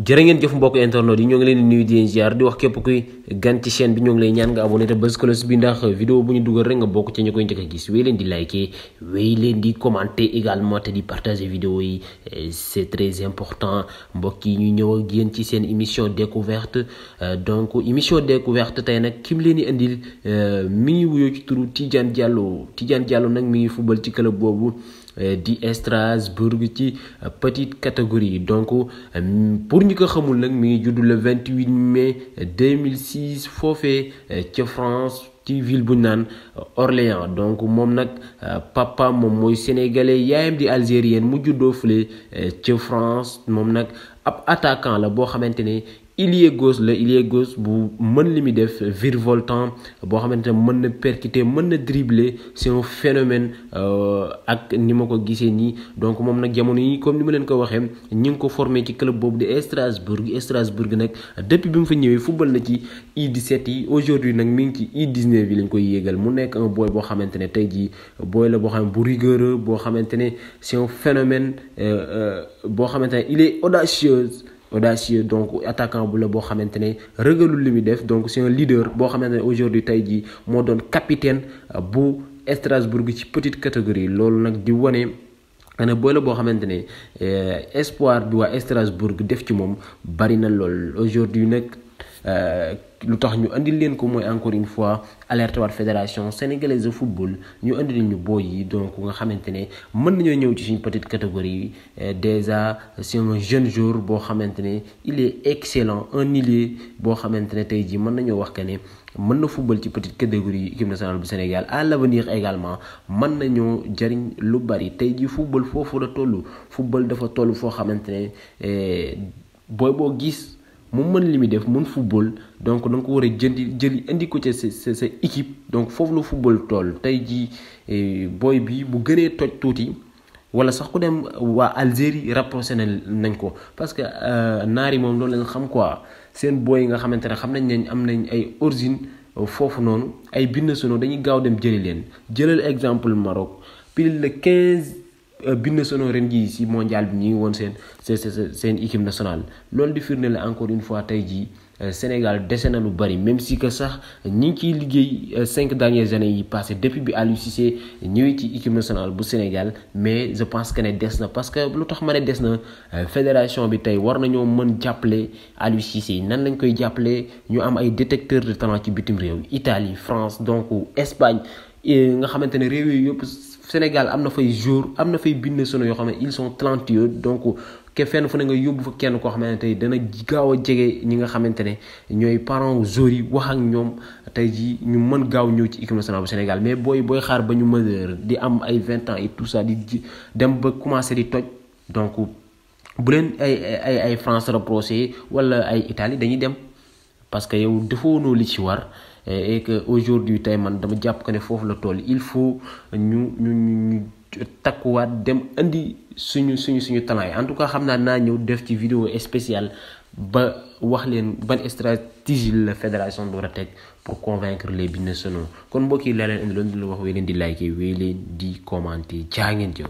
jërë ngeen jëf mbokk internet yi ñoo ngi leen di nuyu di leen ziar di wax képp kuy gan ci chaîne bi ñoo ngi lay ñaan nga abonné te buzz cloche bi ndax vidéo bu ñu dugal rek nga bokk ci ñu koy njëkk a gis wéy leen di liker wéy leen di commenter également te di partager vidéo yi c'est très important mbokk yi ñu ñëw ak yéen ci seen émission découverte euh, donc émission découverte tey nag kim leen di indil euh, mi ngi wuyoo ci turu Tidiane Diallo Tidiane Diallo nag mi ngi football ci club boobu euh, di Strasbourg ci euh, petite catégorie donc euh, pour ñi ko xamul nak mi le 28 mai 2006 fofé ci France ci ville bu Orléans donc mom nak papa mon moy sénégalais yayam di algérienne mu juddoo fële ci France mom nak ab attaquant la bo xamante ailier gauche la est gauche bu mën limi def virevoltant boo xamante ne mën na percuter mën na dribler c'est un phénomène euh, ak ni ma ko gisee nii donc moom nag jamono yi comme ni ma leen ko waxee ñi ngi ko formé ci club boobu de Strasbourg Strasbourg nag depuis bi mu fa ñëwee football na ci U17 yi aujourd'hui nag mi ngi ci U19 yi lañ koy yéegal mu nekk un boy boo xamante ne tey jii boy la boo xam bu rigoureux boo xamante ne c'est un phénomène euh, euh, boo xamante ne il est audacieux audacieux donc attaquant bu la boo xamante ne donc c'est un leader boo xamante aujourd'hui tey jii moo doon capitaine euh, bu Strasbourg ci petite catégorie loolu nag di wane xanaa a boo xamante euh, espoir bi waa Strasbourg def ci bari na aujourd'hui euh, lu tax ñu andil leen ko mooy encore une fois alerte la fédération sénégalaise de football ñu andil ñu booy yi donc nga xamante ne mën nañoo ñëw ci suñ petite catégorie euh, déjà c'est un jeune joueur boo xamante il est excellent un milieu boo xamante ne tey jii mën nañoo wax que ne mën na football ci petite catégorie équipe nationale bu Sénégal à l'avenir également mën nañoo jariñ lu bari tey jii football foofu la toll football dafa toll foo xamante ne euh, booy boo gis. mu mën li def mën football donc da nga ko war a jëndi jëli indi ko ca sa sa équipe donc foofu la football toll tey jii eh, booy bi bu gënee toj tuuti wala sax ko dem waa Algérie rapproché nañ ko parce que euh, naar yi moom loolu lañ xam quoi seen booy yi nga xamante ne xam nañ ne am nañ ay origine euh, foofu noonu ay binn binationaux dañuy gaaw dem jëli leen jëlal exemple Maroc pile le 15. biñ na sonoo ren jii si mondial bi ñi won sen sen équipe nationale loolu di encore une fois tay ji euh, Sénégal dese na lu bari même si que sax ñi ngi ciy liggéey euh, cinq dernières années yi passé depuis bi Aliou Cissé ñëwee ci équipe nationale bu Sénégal mais je pense que ne des na parce que lu tax ma ne na euh, fédération bi tay war nañoo mën jàppale Aliou Cissé nan lañ koy jàppale ñu am ay détecteurs de talent ci bitim réew Italie France donc Espagne nga xamante réew yi yëpp. Sénégal am na fay jour am na fay bind son yoo xam ne ils sont talentueux donc ke fenn fu ne nga yóbbu fa kenn koo xamante ne dana gaaw a jege ñi nga xamante ne ñooy parents joueurs yi wax ak ñoom tey jii ñu mën gaaw ñëw ci équipe nationale bu Sénégal mais booy booy xaar ba ñu majeur di am ay vingt ans et tout ça di dem ba commencé di toj donc bu leen ay ay ay France reproché wala ay Italie dañuy dem parce que yow defoonoo li ci war et que aujourd'hui tey man dama nous, que ne nous, la toll il faut ñu ñu ñu takkuwaat dem andi suñu suñu suñu en tout cas nous naa naa def ci vidéo spéciale ba wax leen ban stratégie la fédération de pour convaincre les business. kon mbokk yi nous leen di commenter